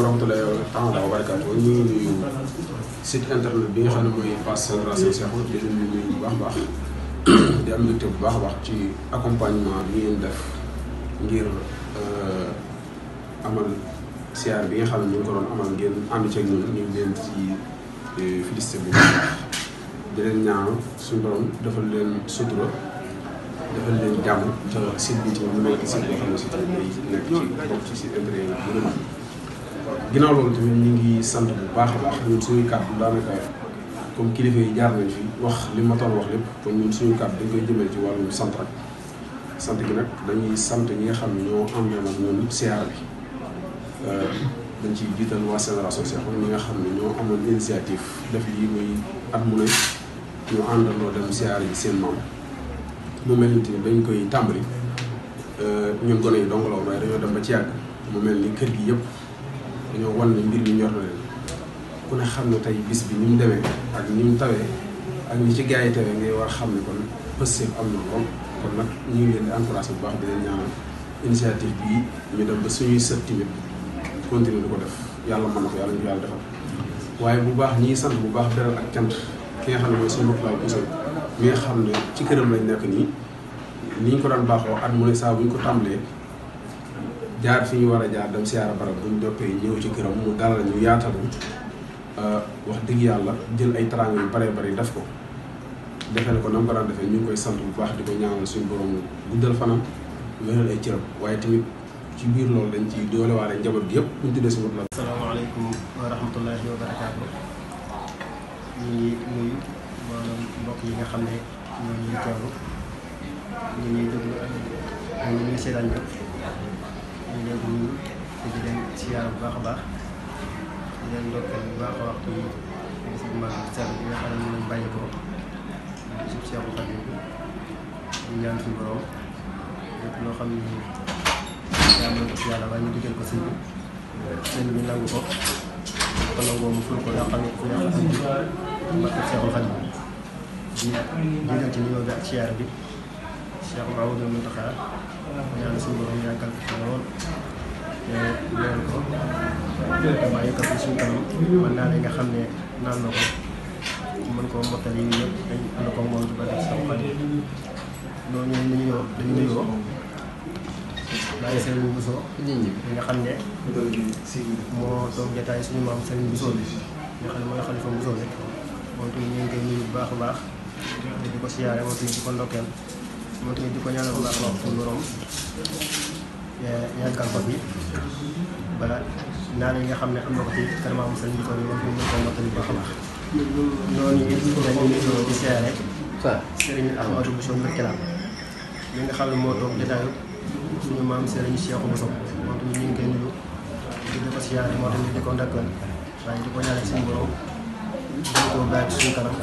wa rahmatullahi taala wa barakaatu ñu ngi nuyu site internet bi nga xam ne mooy Pass Génération Cheikhou di leen nuyu bu baax a baax di am mbégte bu baax a baax ci accompagnement bi ngeen def ngir euh, amal siyaar bi nga xam ne ñu ngi ko doon amal ngeen ànd ceeg ñun ñu ngi leen ci euh, félicité bu baax di leen ñaan suñu borom defal leen sutura defal leen jàmm te site bi ci moom mu nekk site boo xam ne si tamit day nekk ci bokk ci site intérêt yi ginnaaw loolu tamit mu ngi sant bu baax a baax ñun suñuy kàddu daanaka comme kilifa yi jaar nañ fi wax li ma toll wax lépp kon ñun suñu kàddu dañ koy jëmale ci wàllum sant rek sant gi nag dañuy sant ñi nga xam ne ñoo am yoon ak ñoom siyaara euh, dañ ciy jiital waa génération Cheikh ñi nga xam ne ñoo amoon initiative def lii muy at mu ne ñu àndandoo dem siyaara ji seen maam mu mel ni tamit dañ koy tàmbali euh, ñun gone yi dong la waaye dañoo dem ba ci yàgg mu mel ni kër gi yëpp. dañoo wan ne mbir mi ñor na leen ku ne xam ne tey bis bi ni mu demee ak ni mu tawee ak ni ci gars yi tawee ngay war xam ne kon pëstéef am na lool kon nag ñu ngi leen di encouragé bu baax di leen ñaanal initiative ñu dem ba suñuy sët tamit continuer ko def yàlla mën na yàlla ñu yàlla defal waaye bu baax ñii sant bu baax beral ak cant ki nga xam ne mooy suñu mbokk laay Bousso mi xam ne ci këram lañ nekk nii ni ñu ko daan baaxoo at mu ne saa bu ko tàmbalee jaar fi ñu war a jaar dem siyaara barab bu doppee ñëw ci këram mu dalal ñu yaatal euh, wax dëgg yàlla jël ay taraanga yu baree bari def ko defee ko nam ko daan defee ñu ngi koy sant bu baax di ko ñaanal suñu borom guddal fanam wéral ay cëram waaye tamit ci biir loolu dañ ci doole waale njaboot gi yëpp bu ñu tuddee si mot la. asalaamaaleykum wa rahmatullahi wa ñu ngi nuyu maanaam mbokk yi nga xam ne ñoo ngi déglu ak ñu leen siyaar bu baax a baax di leen ndokkeel bu baax a baax ci bis bu bi nga xam ne moom bàyyi ko bisub Seexu Xaadim di ñaan suñu loo xam ne yaa mën ko ci bi sëñ bi nangu ko ko nangoo mu bi mbàkk Seexu Xaadim di digal ci ñaan suñu borom yàggal ko lool ñaan ko bàyyi ko suñu kanam man naa nga xam ne naan na ko mën koo mottali yëpp dañ ànd ko moom ba def sama xol loolu ñun ñu ñëw nga xam ne moo toog jotaay suñu maam Serigne Bousso bi nga xam ne mooy xalifa Bousso bi moom tamit ñu ngi koy bu baax a baax di ko siyaare moom di ko ndokkeel moo tamit di ko ñaanal bu baax a baax suñu borom yàggal ko fi ba naan yi nga xam ne am na ko ci karaamam sëriñ bi ko ñu mën ko mottali a baax. noonu it dañuy nuyu di siyaare nga xam ne moo toog jotaayu suñu maam sëriñ Cheikh Bousso moom tamit ñu ngi koy nuyu di ko siyaare moo tamit di ko ndàkkal waaye di ko ñaanal suñu borom di ko bàyyi suñu kanam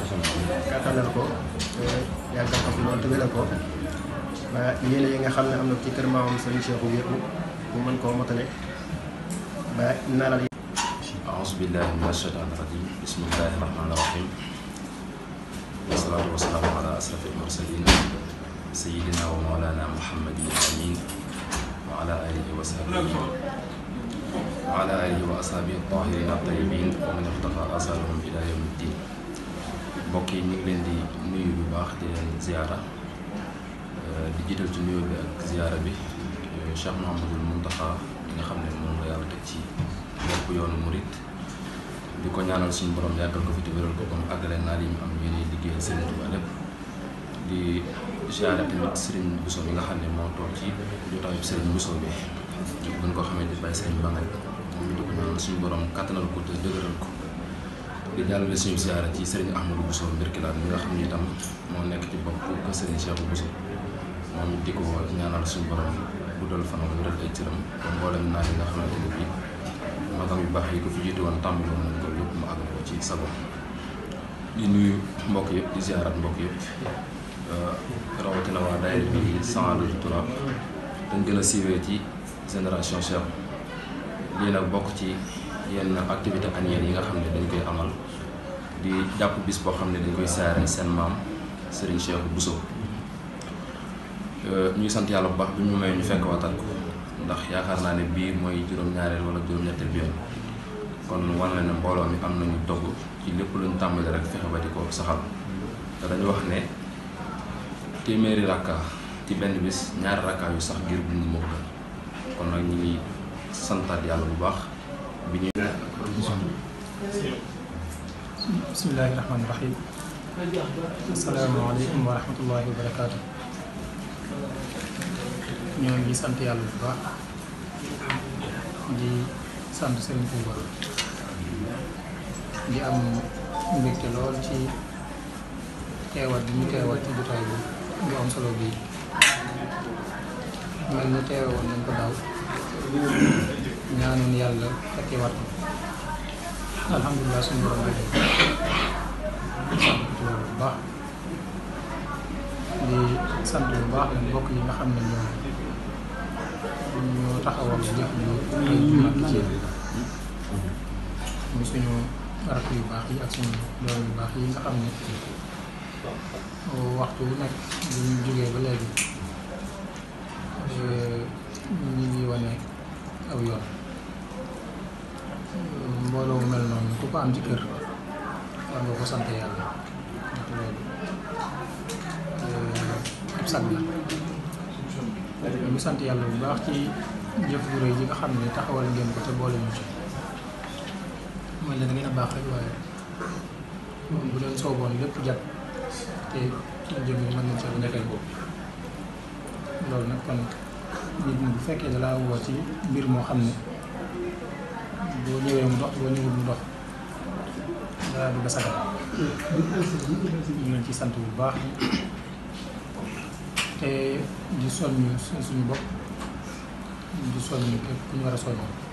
kattanal ko. yàgg a fas loolu tëgale ko ba yéene yi nga xam ne am na ci kër maamam sëriñ Cheikhou yëpp mu mën koo motale ba naalal yi aouzu billahi mina shaytaani rajim bismillahi rahmaani rahim wasalaatu wasalaamu ala asrafil mursalin sayidina wa maulana muhammadin amin wa ala alihi wa sahbihi wa ala alihi wa ashaabihi at-taahiriin at-tayyibiin wa man iqtafa asaarahum ila yawmi ddin bokk yi ñu ngi leen di nuyu bu baax di leen ziara euh, di jiital ci nuyu bi ak ziara bi euh, Cheikh Mouhamadoul Mountakha di nga xam ne moom la yàlla ci yoonu murit ko ñaanal suñu borom yàggal ko fi te wéral ko ba mu naa li mu am yéene liggéeyal Serigne Touba lépp di ziara tamit Serigne Bousso bi nga xam ne moo toog ci jotaayu Serigne Bousso bi ñu ko xamee di bàyyi Serigne Bangay moom ñu di ko ñaanal suñu borom kattanal ko te dëgëral ko. di jàllale suñu siyaara ci sëriñ Ahmadou Bousso Birkelane mi nga xam ne itam moo nekk ci bokk kër sëriñ Cheikh Bousso moom it di ko ñaanal suñu borom guddal fanam wéral ay ne bii magam baax yi ko fi jiitu woon tàmbali woon nañ yëpp mu àgg ko ci sago di nuyu mbokk yëpp di siyaarat mbokk yëpp euh, rawatina waa daayira bi Sans le Tourab dañ gën a siiwee ci génération Cheikh lii nag bokk ci. yenn activité annuelle yi nga xam ne dañ koy amal di jàpp bis boo xam ne dañ koy saare seen maam Serigne Cheikh Bousso euh, ñuy sant yàlla bu baax bi ñu ñu fekk watal ko ndax yaakaar naa ne bii mooy juróom-ñaareel wala juróom-ñetteel bi yoon kon war na ne mbooloo mi am nañu dogg ci lépp luñ tàmbali rek fexe ba di ko saxal te dañu wax ne téeméeri rakka ci benn bis ñaari rakka yu sax ngir bu ñu moo kon nag ñu ngi santaat yàlla bu baax bi ñuy bismillahi rahmaani rahim asalaamaaleykum wa rahmatullahi wa ñoo ngi sant yàlla bu baax di sant Serigne Touba di am mbégte lool ci teewat bi ñu ci jotaay bi bu am solo bi mel ni teewe nañ ko daaw ñaanoon yàlla fekkee war ko alhamdulilah suñu borom rek sant bu baax di sant bu baax la mbokk yi nga xam ne ñoo ñoo taxawal jëf yu mag ci muy suñu rakk yu baax yi ak suñu doom baax yi nga xam ne waxtu wu nekk ñu jógee ba léegi eh, ñu ngi aw yoon mbooloo mu mel noonu ku ko am ci kër war nga ko sant yàlla ndax loolu eh, ab sag la ñu sant yàlla bu baax ci jëf gu rëy ji nga xam ne taxawal ngeen ko te boole ñu ci mooy la da ngeen baax rek waaye bu leen sooboon lépp jàpp te jëm yi mën nañ ca nekkal boobu loolu nag kon nit ñi bu fekkee da laa ci mbir moo xam ne boo ñëwee mu dox boo ñëwul mu dox dara du gasagal ñu leen ci sant bu baax te di soññ suñu bopp di soññ képp ku ñu war a soññ